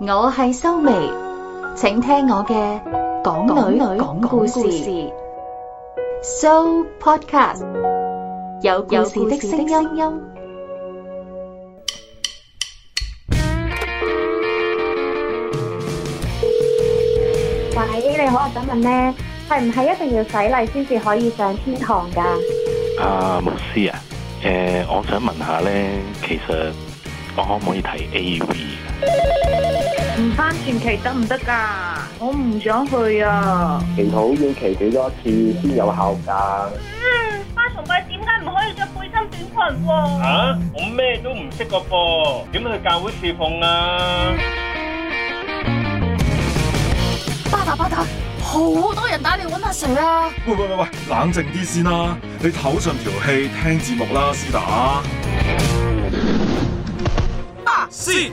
我係修眉，請聽我嘅講女女講故事。So podcast 有故事的聲音。喂，你好，我想問咧，係唔係一定要洗禮先至可以上天堂噶？啊，牧師啊，誒，我想問下咧，其實我可唔可以睇 AV？唔翻前期得唔得噶？我唔想去啊！祈禱要祈幾多次先有效噶？嗯，翻崇拜點解唔可以着背心短裙喎？啊，我咩都唔識噶噃，點去教會侍奉啊？巴打巴打，好，好多人打嚟揾阿誰啊？喂、啊、喂喂喂，冷靜啲先啦，啊，你唞順條氣，聽節目啦絲打。啊，巴士。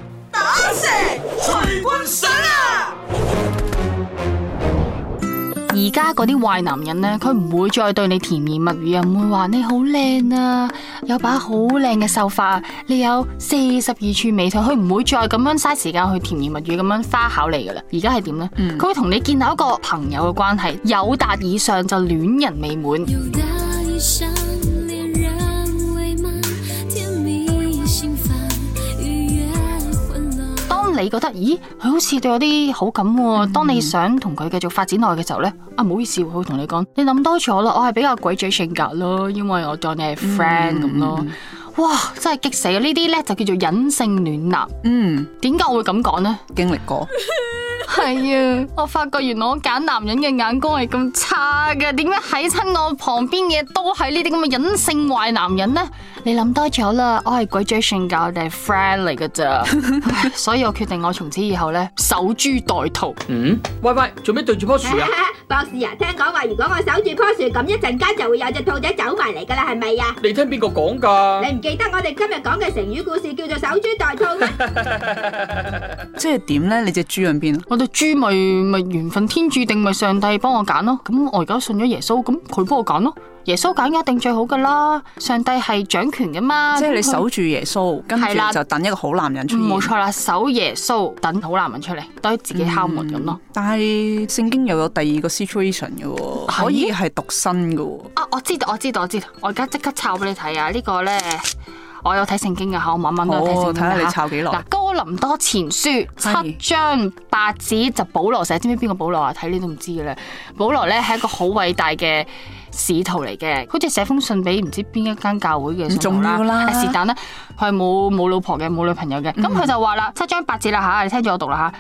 徐君想啊！而家嗰啲壞男人呢，佢唔會再對你甜言蜜語啊，唔會話你好靚啊，有把好靚嘅秀髮，你有四十二處美腿，佢唔會再咁樣嘥時間去甜言蜜語咁樣花巧你噶啦。而家係點呢？佢、嗯、會同你建立一個朋友嘅關係，友達以上就戀人未滿。你覺得，咦，佢好似對我啲好感喎、哦。嗯、當你想同佢繼續發展落去嘅時候咧，啊，唔好意思，我會同你講，你諗多咗啦，我係比較鬼嘴性格咯，因為我當你係 friend 咁、嗯、咯。哇，真係激死！呢啲咧就叫做隱性暖男。嗯，點解我會咁講咧？經歷過。 係啊，我發覺原來我揀男人嘅眼光係咁差㗎，點解喺親我旁邊嘅都係呢啲咁嘅隱性壞男人呢？你諗多咗啦，我係鬼仔訓教定係 friend 嚟㗎咋，所以我決定我從此以後咧，守株待兔。嗯，喂喂，做咩對住棵樹啊？博士啊，聽講話如果我守住棵樹，咁一陣間就會有隻兔仔走埋嚟噶啦，係咪啊？你聽邊個講噶？你唔記得我哋今日講嘅成語故事叫做守株待兔咩？即係點咧？你隻豬喺邊？豬咪咪緣分天注定，咪上帝幫我揀咯。咁我而家信咗耶穌，咁佢幫我揀咯。耶穌揀一定最好噶啦，上帝係掌權噶嘛。即係你守住耶穌，他跟住就等一個好男人出嚟。冇錯的啦，守耶穌，等好男人出嚟，等自己敲門咁咯。但係聖經又有第二個 situation 嘅，可以係獨身嘅。啊，我知道，我知道，我知道。我而家即刻抄俾你睇啊！這個、呢個咧。我有睇聖經嘅吓，我晚晚都睇聖經嘅吓，睇下你抄幾耐。嗱，《哥林多前書》的七章八節就保羅寫，知唔知邊個保羅啊？睇呢都唔知嘅咧。保羅咧係一個好偉大嘅使徒嚟嘅，好似寫封信俾唔知邊一間教會嘅仲啦。是但咧佢係冇冇老婆嘅，冇女朋友嘅。咁佢、嗯、就話啦，七章八節啦吓，你聽住我讀啦吓。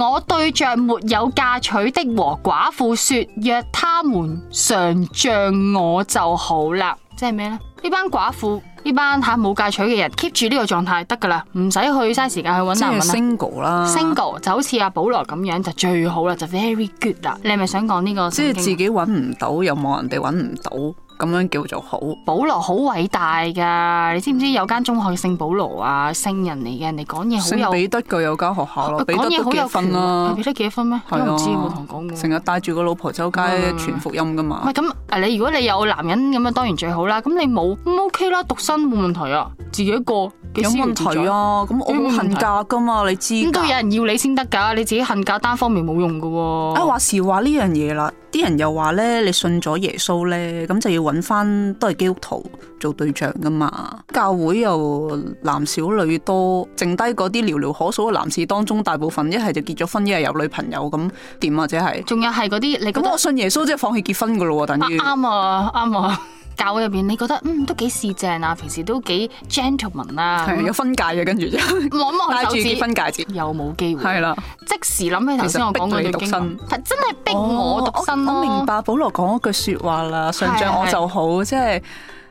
我對著沒有嫁娶的和寡婦說，若他們常像我就好啦，即係咩咧？呢班寡婦。呢班嚇冇戒取嘅人 keep 住呢個狀態得㗎啦，唔使去嘥時間去揾男人啦。即係 single 啦，single 就好似阿保羅咁樣就最好啦，就 very good 啦。你係咪想講呢個？即係自己揾唔到，又冇人哋揾唔到。咁樣叫做好。保羅好偉大㗎，你知唔知有間中學姓保羅啊？聖人嚟嘅，人哋講嘢好有。聖彼得佢有間學校咯，講嘢好有權啦、啊。彼得幾多分咩、啊？我唔、啊、知，冇同講過。成日帶住個老婆周街傳福音㗎嘛。唔係咁，誒你如果你有男人咁樣當然最好啦。咁你冇，咁 OK 啦，獨身冇問題啊，自己一個。有問題啊！咁我冇恨嫁噶嘛，你知應該有人要你先得噶，你自己恨嫁單方面冇用噶。啊，哎、話時話呢樣嘢啦，啲人又話咧，你信咗耶穌咧,咁就要揾翻都係基督徒做對象噶嘛。教會又男少女多，剩低嗰啲寥寥可數嘅男士當中，大部分一係就結咗婚，一係有女朋友，咁點或者係仲有係嗰啲你咁我信耶穌即係放棄結婚噶咯？等於啱啊啱啊！ 教會入邊，你覺得嗯都幾四正啊？平時都幾 gentleman 啦，啊，係有婚戒嘅，啊，跟住就 戴住啲婚戒指，又冇機會係啦，的即時諗起頭先我講嘅獨身，哦，真係逼我獨身，啊，我，我明白保羅講一句說話啦，常像我就好，即係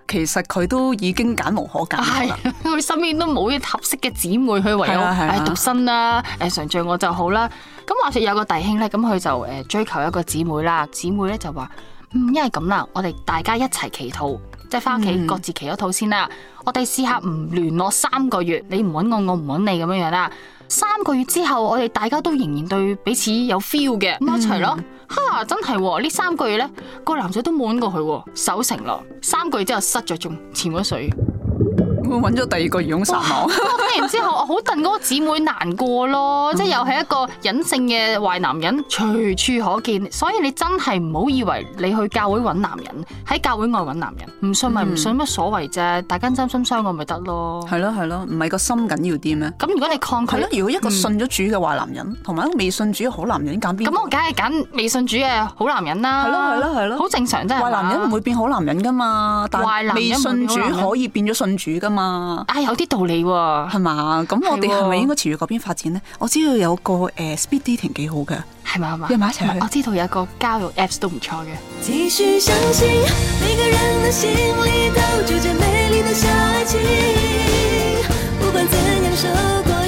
其實佢都已經揀無可揀啦。佢身邊都冇啲合適嘅姊妹去唯有誒獨身啦，誒常的像我就好啦。咁話說有個弟兄咧，咁佢就誒追求一個姊妹啦，姊妹咧就話。嗯，因為咁啦，我哋大家一齊祈禱，即係翻屋企各自祈禱先啦。嗯、我哋試下唔聯絡三個月，你唔揾我，我唔揾你咁樣樣啊。三個月之後，我哋大家都仍然對彼此有 feel 嘅，咁、嗯、一齊咯。吓，真係呢、哦、三個月呢，個男仔都冇揾過佢，守承諾。三個月之後失咗蹤，潛咗水。我揾咗第二個魚翁撒網。聽完之後， 我好戥嗰個姊妹難過咯，即係又係一個隱性嘅壞男人，隨處可見。所以你真係唔好以為你去教會揾男人，喺教會外揾男人，唔信咪唔信謂，乜所謂啫？大家真心相愛咪得咯。係咯係咯，唔係個心緊要啲咩？咁如果你抗拒？係咯，如果一個信咗主嘅壞男人，同埋一個未信主嘅好男人，揀邊、嗯？咁我梗係揀未信主嘅好男人啦。係咯係咯係咯，好正常啫。壞男人唔會變好男人噶嘛，但係未信主可以變咗信主噶。嘛，啊有啲道理喎、啊，係嘛，咁我哋係咪應該持續嗰邊發展咧？我知道有個誒、呃、speed dating 幾好嘅，係嘛，係嘛，約埋一齊去。我知道有一個交友 apps 都唔錯嘅。繼續相信，每個人心裏都住着美麗嘅小愛情，不管怎樣受過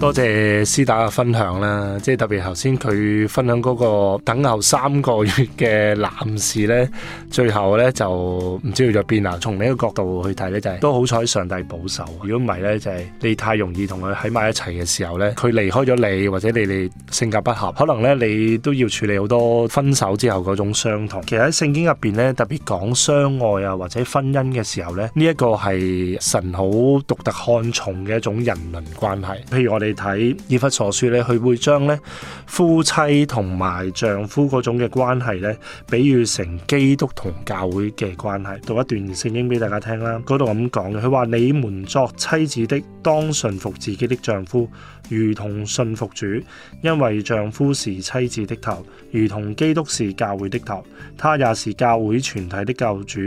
多謝師打嘅分享啦，即係特別頭先佢分享嗰個等候三個月嘅男士咧，最後咧就唔知去咗邊啦。從呢個角度去睇咧，就係都好彩上帝保守。如果唔係咧，就係你太容易同佢喺埋一齊嘅時候咧，佢離開咗你，或者你哋性格不合，可能咧你都要處理好多分手之後嗰種傷痛。其實喺聖經入邊咧，特別講相愛啊或者婚姻嘅時候咧，呢一個係神好獨特看重嘅一種人倫關係。譬如我哋。你睇以弗所書咧，佢會將咧夫妻同埋丈夫嗰種嘅關係咧，比喻成基督同教會嘅關係。讀一段聖經俾大家聽啦，嗰度咁講嘅，佢話：你們作妻子的，當順服自己的丈夫，如同順服主，因為丈夫是妻子的頭，如同基督是教會的頭，他也是教會全體的救主。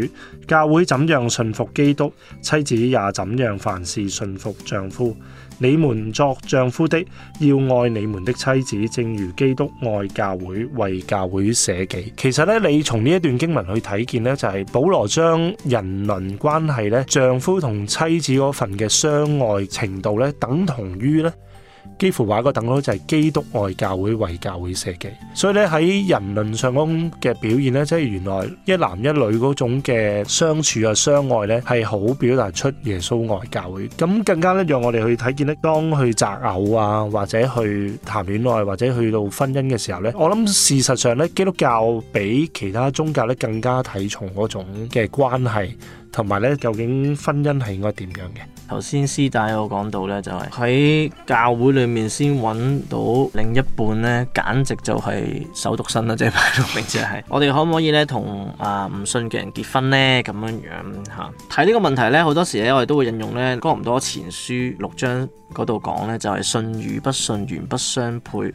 教會怎樣順服基督，妻子也怎樣凡事順服丈夫。你們作丈夫的要愛你們的妻子，正如基督愛教會，為教會捨己。其實咧，你從呢一段經文去睇見咧，就係、是、保羅將人倫關係咧，丈夫同妻子嗰份嘅相愛程度咧，等同於咧。幾乎話個等糕就係基督愛教會為教會設計，所以咧喺人倫上空嘅表現咧，即係原來一男一女嗰種嘅相處啊、相愛咧，係好表達出耶穌愛教會。咁更加咧，讓我哋去睇見呢，當去擇偶啊，或者去談戀愛，或者去到婚姻嘅時候咧，我諗事實上咧，基督教比其他宗教咧更加睇重嗰種嘅關係，同埋咧，究竟婚姻係應該點樣嘅？頭先師大我講到呢，就係喺教會裏面先揾到另一半呢，簡直就係守獨身啦，即係擺明就係。我哋可唔可以呢？同啊唔信嘅人結婚呢？咁樣樣嚇睇呢個問題呢，好多時呢，我哋都會引用呢《哥林多前書》六章嗰度講呢，就係、是、信與不信原不相配。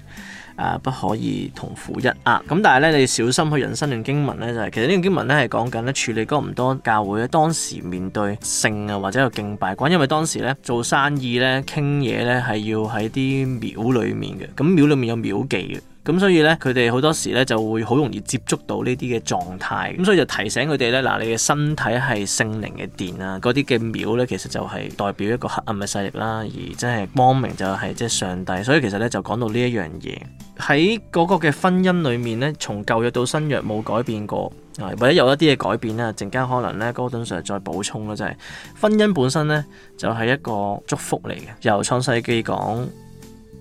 啊！不可以同苦一壓咁，但係咧，你要小心去引申經，就是，段經文咧，就係其實呢段經文咧係講緊咧處理多唔多教會咧當時面對性啊或者有敬拜關，因為當時咧做生意咧傾嘢咧係要喺啲廟裏面嘅，咁廟裏面有廟記嘅。咁所以咧，佢哋好多時咧就會好容易接觸到呢啲嘅狀態。咁所以就提醒佢哋咧，嗱，你嘅身體係聖靈嘅殿啊，嗰啲嘅廟咧其實就係代表一個黑暗嘅勢力啦。而真係光明就係即係上帝。所以其實咧就講到呢一樣嘢喺嗰個嘅婚姻裏面咧，從舊約到新約冇改變過啊。或者有一啲嘅改變咧，陣間可能咧 Gordon Sir 再補充啦，就係婚姻本身咧就係一個祝福嚟嘅。由創世記講，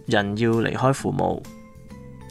人要離開父母。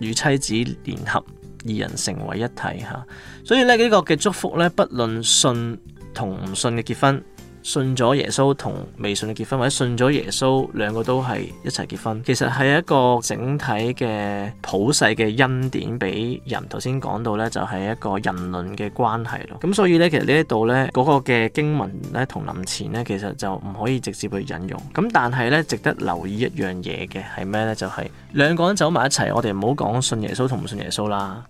與妻子聯合，二人成為一體吓，所以咧呢，這個嘅祝福呢，不論信同唔信嘅結婚。信咗耶穌同未信嘅結婚，或者信咗耶穌兩個都係一齊結婚，其實係一個整體嘅普世嘅恩典俾人。頭先講到呢，就係一個人倫嘅關係咯。咁所以呢，其實呢一度呢嗰個嘅經文呢，同林前呢，其實就唔可以直接去引用。咁但係呢，值得留意一樣嘢嘅係咩呢？就係、是、兩個人走埋一齊，我哋唔好講信耶穌同唔信耶穌啦。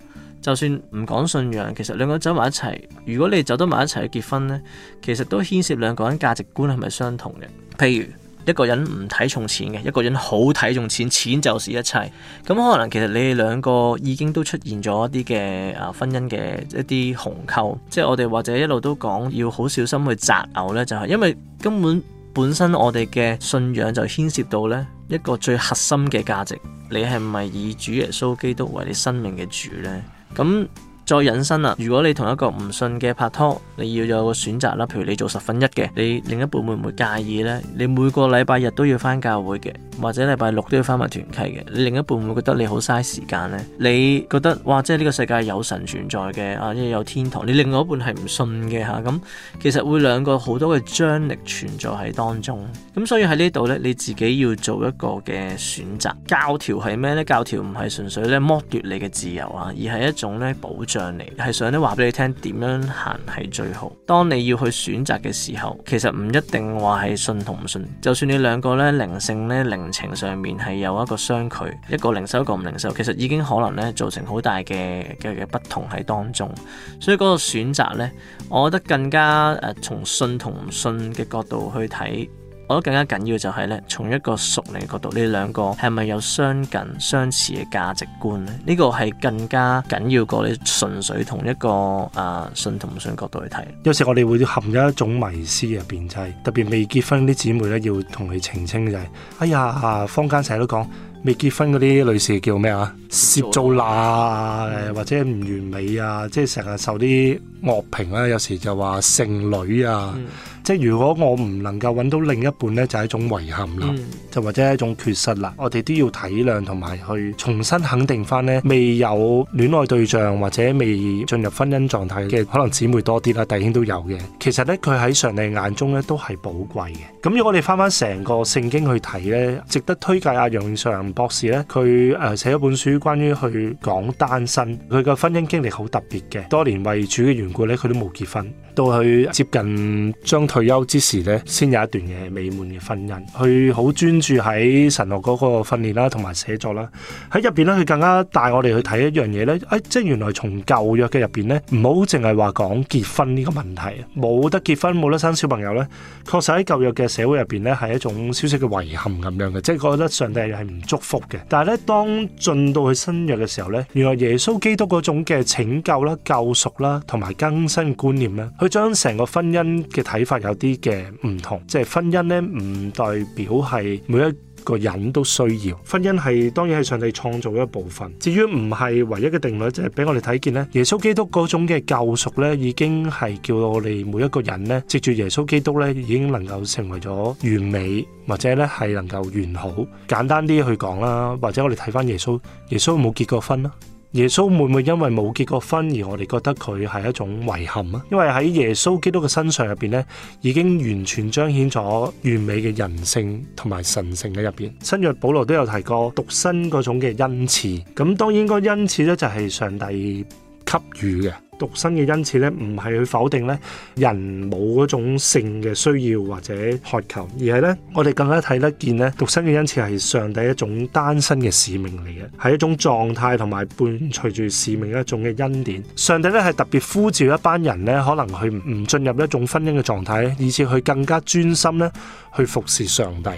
就算唔講信仰，其實兩個人走埋一齊。如果你走得埋一齊去結婚呢，其實都牽涉兩個人價值觀係咪相同嘅？譬如一個人唔睇重錢嘅，一個人好睇重，重錢，錢就是一切。咁可能其實你哋兩個已經都出現咗一啲嘅啊婚姻嘅一啲鴻溝，即係我哋或者一路都講要好小心去擇偶呢，就係、是、因為根本本身我哋嘅信仰就牽涉到呢一個最核心嘅價值，你係咪以主耶穌基督為你生命嘅主呢？咁。再引申啦，如果你同一個唔信嘅拍拖，你要有個選擇啦。譬如你做十分一嘅，你另一半會唔會介意咧？你每個禮拜日都要翻教會嘅，或者禮拜六都要翻埋團契嘅，你另一半會唔會覺得你好嘥時間咧？你覺得哇，即係呢個世界有神存在嘅啊，即係有天堂，你另外一半係唔信嘅吓，咁、啊、其實會兩個好多嘅張力存在喺當中。咁所以喺呢度咧，你自己要做一個嘅選擇。教條係咩咧？教條唔係純粹咧剝奪你嘅自由啊，而係一種咧保。嚟係想咧話俾你聽點樣行係最好。當你要去選擇嘅時候，其實唔一定話係信同唔信。就算你兩個咧靈性咧靈情上面係有一個相距，一個靈修，一個唔靈修，其實已經可能咧造成好大嘅嘅嘅不同喺當中。所以嗰個選擇咧，我覺得更加誒從，呃，信同唔信嘅角度去睇。我覺得更加緊要就係咧，從一個屬靈角度，呢兩個係咪有相近相似嘅價值觀咧？呢、這個係更加緊要過你純粹同一個啊信同唔信角度去睇。有時我哋會含有一種迷思入邊，特別未結婚啲姊妹咧，要同佢澄清就係、是：哎呀，坊間成日都講未結婚嗰啲女士叫咩啊？涉、嗯、造罅誒，嗯、或者唔完美啊，即係成日受啲惡評啦。有時就話剩女啊。嗯即係如果我唔能夠揾到另一半呢，就係、是、一種遺憾啦，嗯、就或者係一種缺失啦。我哋都要體諒同埋去重新肯定翻呢，未有戀愛對象或者未進入婚姻狀態嘅，可能姊妹多啲啦，弟兄都有嘅。其實呢，佢喺上帝眼中呢，都係寶貴嘅。咁如果我哋翻翻成個聖經去睇呢，值得推介阿楊尚博士呢，佢誒寫咗一本書關於去講單身，佢嘅婚姻經歷好特別嘅，多年為主嘅緣故呢，佢都冇結婚，到佢接近將。退休之時咧，先有一段嘅美滿嘅婚姻。佢好專注喺神學嗰個訓練啦、啊，同埋寫作啦、啊。喺入邊咧，佢更加帶我哋去睇一樣嘢咧。誒、哎，即係原來從舊約嘅入邊咧，唔好淨係話講結婚呢個問題，冇得結婚，冇得生小朋友咧，確實喺舊約嘅社會入邊咧，係一種消息嘅遺憾咁樣嘅。即係我覺得上帝係唔祝福嘅。但係咧，當進到去新約嘅時候咧，原來耶穌基督嗰種嘅拯救啦、救贖啦、同埋更新觀念咧，佢將成個婚姻嘅睇法。有啲嘅唔同，即係婚姻呢，唔代表係每一個人都需要婚姻係。當然係上帝創造一部分，至於唔係唯一嘅定律，即係俾我哋睇見呢，耶穌基督嗰種嘅救贖呢，已經係叫我哋每一個人呢，藉住耶穌基督呢，已經能夠成為咗完美，或者呢，係能夠完好。簡單啲去講啦，或者我哋睇翻耶穌，耶穌有冇結過婚啦？耶穌會唔會因為冇結過婚而我哋覺得佢係一種遺憾啊？因為喺耶穌基督嘅身上入邊，已經完全彰顯咗完美嘅人性同埋神性嘅入面，新約保羅都有提過獨身嗰種嘅恩賜，咁當然嗰恩賜就係上帝給予嘅。獨身嘅恩賜咧，唔係去否定咧人冇嗰種性嘅需要或者渴求，而係咧我哋更加睇得見咧獨身嘅恩賜係上帝一種單身嘅使命嚟嘅，係一種狀態同埋伴隨住使命一種嘅恩典。上帝咧係特別呼召一班人咧，可能佢唔進入一種婚姻嘅狀態，以至佢更加專心咧去服侍上帝。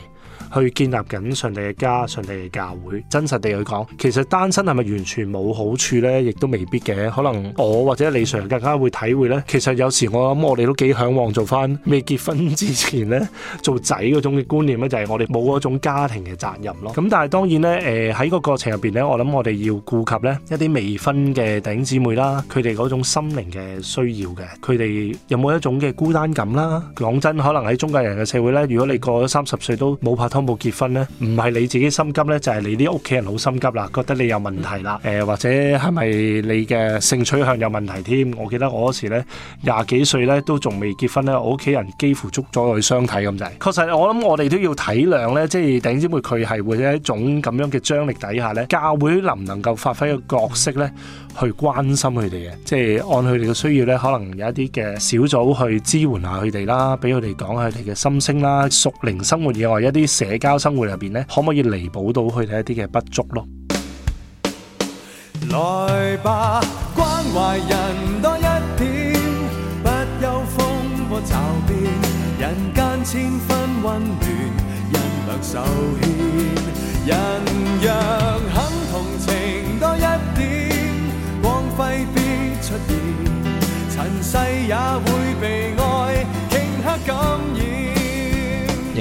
去建立緊上帝嘅家、上帝嘅教會，真實地去講，其實單身係咪完全冇好處呢？亦都未必嘅，可能我或者李常更加會體會呢。其實有時我諗，我哋都幾嚮往做返未結婚之前呢，做仔嗰種嘅觀念呢，就係我哋冇嗰種家庭嘅責任咯。咁但係當然呢，誒、呃、喺個過程入邊呢，我諗我哋要顧及呢一啲未婚嘅弟兄姊妹啦，佢哋嗰種心靈嘅需要嘅，佢哋有冇一種嘅孤單感啦？講真，可能喺中國人嘅社會呢，如果你過咗三十歲都冇拍。冇結婚咧，唔係你自己心急咧，就係你啲屋企人好心急啦，覺得你有問題啦。誒，或者係咪你嘅性取向有問題添？我記得我嗰時咧廿幾歲咧都仲未結婚咧，我屋企人幾乎捉咗我去相睇咁滯。確實，我諗我哋都要體諒咧，即係頂尖會佢係會喺一種咁樣嘅張力底下咧，教會能唔能夠發揮個角色咧，去關心佢哋嘅，即係按佢哋嘅需要咧，可能有一啲嘅小組去支援下佢哋啦，俾佢哋講佢哋嘅心聲啦，熟齡生活以外一啲成。社交生活入邊呢，可唔可以彌補到佢哋一啲嘅不足咯？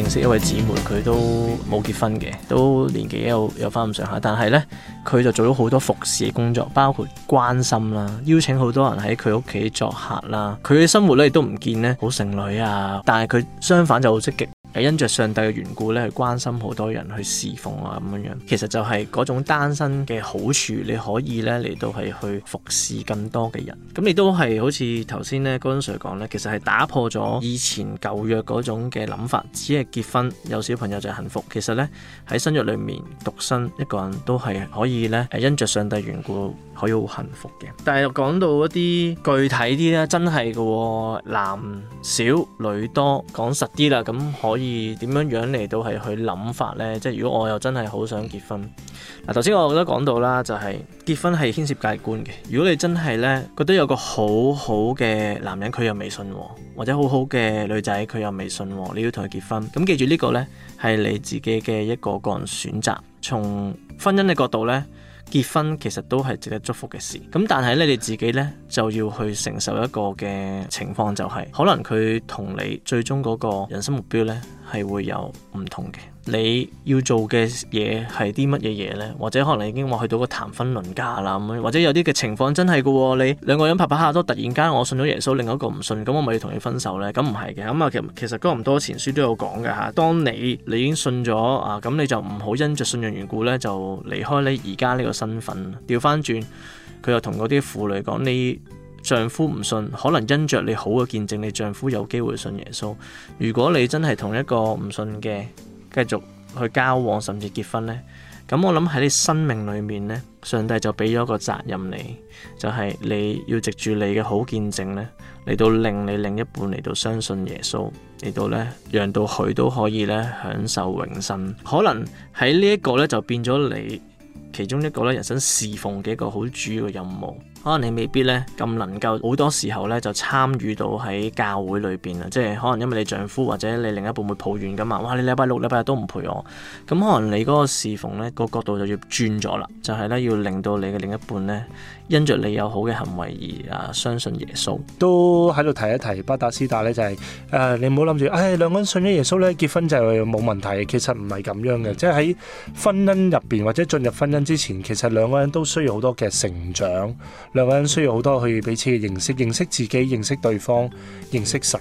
識一位姊妹，佢都冇結婚嘅，都年紀有有返咁上下，但係咧佢就做咗好多服侍嘅工作，包括關心啦，邀請好多人喺佢屋企作客啦。佢嘅生活咧亦都唔見咧好剩女啊，但係佢相反就好積極。係因着上帝嘅緣故咧，係關心好多人去侍奉啊咁樣樣，其實就係嗰種單身嘅好處，你可以咧嚟到係去服侍更多嘅人。咁亦都係好似頭先咧，高恩 Sir 講咧，其實係打破咗以前舊約嗰種嘅諗法，只係結婚有小朋友就幸福。其實咧喺新約裏面，獨身一個人都係可以咧，係因着上帝緣故可以好幸福嘅。但係又講到啲具體啲咧，真係嘅喎，男少女多，講實啲啦，咁可以。而點樣樣嚟到係去諗法呢？即係如果我又真係好想結婚嗱，頭、啊、先我覺得講到啦，就係、是、結婚係牽涉價值觀嘅。如果你真係呢，覺得有個好好嘅男人，佢又未信喎，或者好好嘅女仔佢又未信喎，你要同佢結婚，咁記住呢個呢，係你自己嘅一個個人選擇。從婚姻嘅角度呢。結婚其實都係值得祝福嘅事，咁但係咧，你自己呢，就要去承受一個嘅情況，就是，就係可能佢同你最終嗰個人生目標呢，係會有唔同嘅。你要做嘅嘢係啲乜嘢嘢咧？或者可能已經話去到個談婚論嫁啦咁，或者有啲嘅情況真係噶，你兩個人拍拍下都突然間我信咗耶穌，另一個唔信，咁我咪要同你分手呢？咁唔係嘅咁啊，其實哥林多前書都有講嘅吓。當你你已經信咗啊，咁你就唔好因着信任緣故呢就離開你而家呢個身份。調翻轉，佢又同嗰啲婦女講：你丈夫唔信，可能因着你好嘅見證，你丈夫有機會信耶穌。如果你真係同一個唔信嘅，繼續去交往，甚至結婚呢。咁我諗喺你生命裏面呢，上帝就俾咗個責任你，就係你要藉住你嘅好見證呢，嚟到令你另一半嚟到相信耶穌，嚟到呢，讓到佢都可以呢享受永生。可能喺呢一個呢，就變咗你其中一個呢，人生侍奉嘅一個好主要嘅任務。可能你未必咧咁能夠好多時候咧就參與到喺教會裏邊啊，即係可能因為你丈夫或者你另一半會抱怨噶嘛，哇，你禮拜六禮拜日都唔陪我，咁、嗯、可能你嗰個侍奉咧、個角度就要轉咗啦，就係、是、咧要令到你嘅另一半咧因着你有好嘅行為而啊相信耶穌，都喺度提一提巴打絲打咧就係、是、誒、呃、你唔好諗住唉兩個人信咗耶穌咧結婚就係冇問題，其實唔係咁樣嘅，即係喺婚姻入邊或者進入婚姻之前，其實兩個人都需要好多嘅成長。兩個人需要好多去彼此嘅認識，認識自己，認識對方，認識神。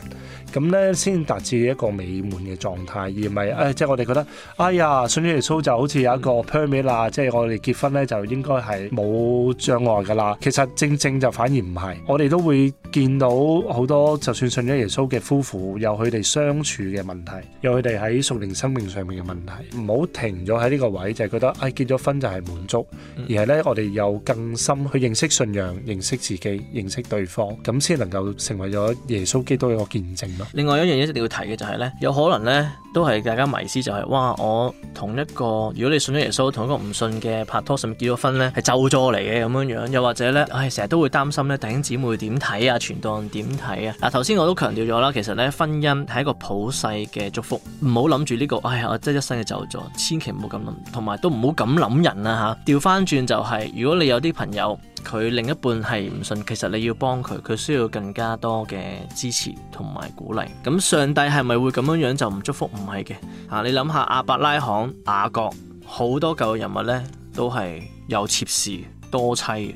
咁咧先達至一個美滿嘅狀態，而唔係誒，即係我哋覺得哎呀，信咗耶穌就好似有一個 perfect 啦，即係、嗯、我哋結婚咧就應該係冇障礙㗎啦。其實正正就反而唔係，我哋都會見到好多，就算信咗耶穌嘅夫婦，有佢哋相處嘅問題，有佢哋喺屬靈生命上面嘅問題。唔好停咗喺呢個位，就係覺得誒、哎、結咗婚就係滿足，而係咧我哋有更深去認識信仰、認識自己、認識對方，咁先能夠成為咗耶穌基督嘅一個見證。另外一樣嘢一定要提嘅就係呢，有可能呢都係大家迷思就係哇，我同一個如果你信咗耶穌，同一個唔信嘅拍拖，甚至結咗婚呢，係咒詛嚟嘅咁樣樣，又或者呢，唉，成日都會擔心呢，弟兄姊妹點睇啊，傳道人點睇啊？嗱，頭先我都強調咗啦，其實呢，婚姻係一個普世嘅祝福，唔好諗住呢個唉呀，我真係一生嘅咒詛，千祈唔好咁諗，同埋都唔好咁諗人啦嚇。掉返轉就係，如果你有啲朋友佢另一半係唔信，其實你要幫佢，佢需要更加多嘅支持同埋。鼓勵咁，上帝係咪會咁樣樣就唔祝福？唔係嘅，吓、啊、你諗下阿伯拉罕、雅各好多舊人物呢，都係有妾侍、多妻嘅。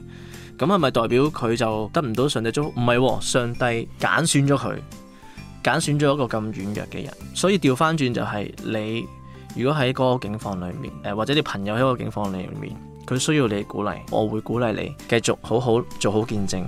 咁係咪代表佢就得唔到上帝祝福？唔係，上帝揀選咗佢，揀選咗一個咁軟弱嘅人。所以調翻轉就係、是，你如果喺嗰個境況裏面，誒、呃、或者你朋友喺個境況裏面，佢需要你鼓勵，我會鼓勵你繼續好好做好見證。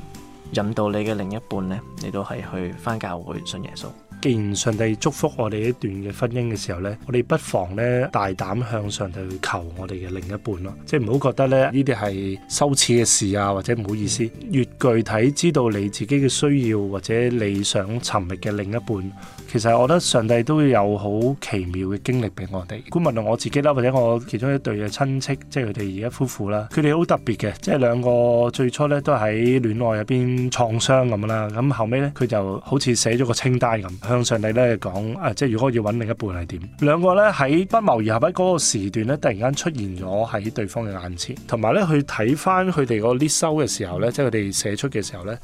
引導你嘅另一半咧，你都係去返教會信耶穌。既然上帝祝福我哋一段嘅婚姻嘅時候咧，我哋不妨咧大膽向上帝去求我哋嘅另一半咯，即係唔好覺得咧呢啲係羞恥嘅事啊，或者唔好意思，越具體知道你自己嘅需要或者你想尋覓嘅另一半，其實我覺得上帝都有好奇妙嘅經歷俾我哋。官問同我自己啦，或者我其中一對嘅親戚，即係佢哋而家夫婦啦，佢哋好特別嘅，即係兩個最初咧都喺戀愛入邊創傷咁啦，咁後尾咧佢就好似寫咗個清單咁。向上帝咧講啊，即係如果要揾另一半係點，兩個咧喺不謀而合喺嗰個時段咧，突然間出現咗喺對方嘅眼前，同埋咧去睇翻佢哋個 list 嘅時候咧，即係佢哋寫出嘅時候咧，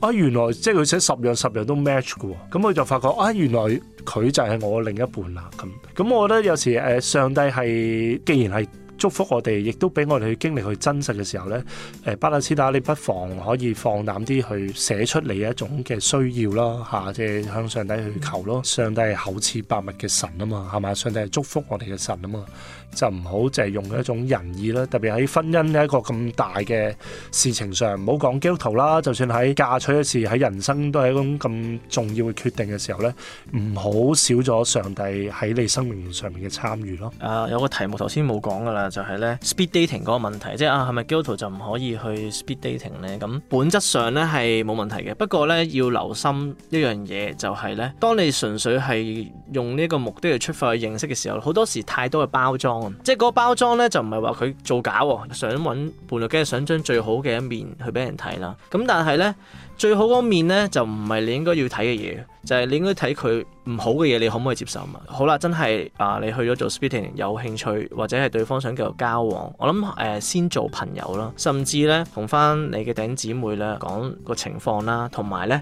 啊原來即係佢寫十樣十樣都 match 㗎，咁、嗯、佢就發覺啊原來佢就係我另一半啦，咁、嗯、咁、嗯、我覺得有時誒、呃、上帝係既然係。祝福我哋，亦都俾我哋去經歷去真實嘅時候呢，誒，巴拿斯達，你不妨可以放膽啲去寫出你一種嘅需要啦，嚇、啊，即係向上帝去求咯。上帝係厚賜百物嘅神啊嘛，係嘛？上帝係祝福我哋嘅神啊嘛，就唔好就係用一種人意啦。特別喺婚姻呢一個咁大嘅事情上，唔好講基督徒啦，就算喺嫁娶嘅事，喺人生都係一種咁重要嘅決定嘅時候呢，唔好少咗上帝喺你生命上面嘅參與咯。啊，uh, 有個題目頭先冇講噶啦。就係咧 speed dating 嗰個問題，即係啊，係咪 Giotto 就唔可以去 speed dating 咧？咁本質上咧係冇問題嘅，不過咧要留心一樣嘢就係咧，當你純粹係用呢個目的去出發去認識嘅時候，好多時太多嘅包裝，即係嗰包裝咧就唔係話佢造假，想揾伴侶嘅梗係想將最好嘅一面去俾人睇啦。咁但係咧。最好嗰面呢，就唔係你應該要睇嘅嘢，就係、是、你應該睇佢唔好嘅嘢，你可唔可以接受啊？好啦，真係啊，你去咗做 speed dating 有興趣，或者係對方想繼續交往，我諗誒、呃、先做朋友啦，甚至呢，同翻你嘅頂姊妹咧講個情況啦，同埋呢。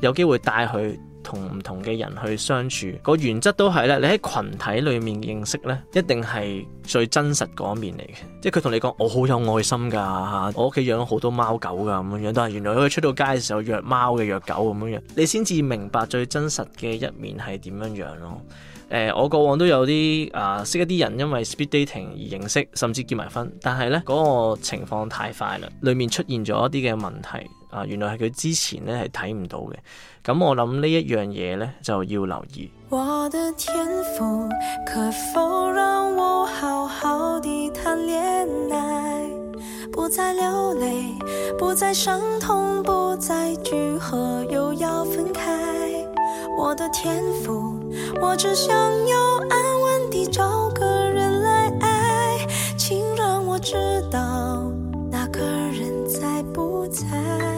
有機會帶佢同唔同嘅人去相處，個原則都係咧，你喺群體裡面認識咧，一定係最真實嗰面嚟嘅。即係佢同你講，我好有愛心㗎，我屋企養好多貓狗㗎，咁樣樣都係。原來佢出到街嘅時候，虐貓嘅、虐狗咁樣，你先至明白最真實嘅一面係點樣樣咯。誒、呃，我過往都有啲啊，識一啲人因為 speed dating 而認識，甚至結埋婚，但係咧，嗰個情況太快啦，裡面出現咗一啲嘅問題。啊，原來係佢之前呢係睇唔到嘅，咁我諗呢一樣嘢呢，就要留意。我嘅天賦，可否讓我好好地談戀愛，不再流淚，不再傷痛，不再聚合，又要分開。我嘅天賦，我只想要安穩地找個人來愛，請讓我知道，那個人在不在。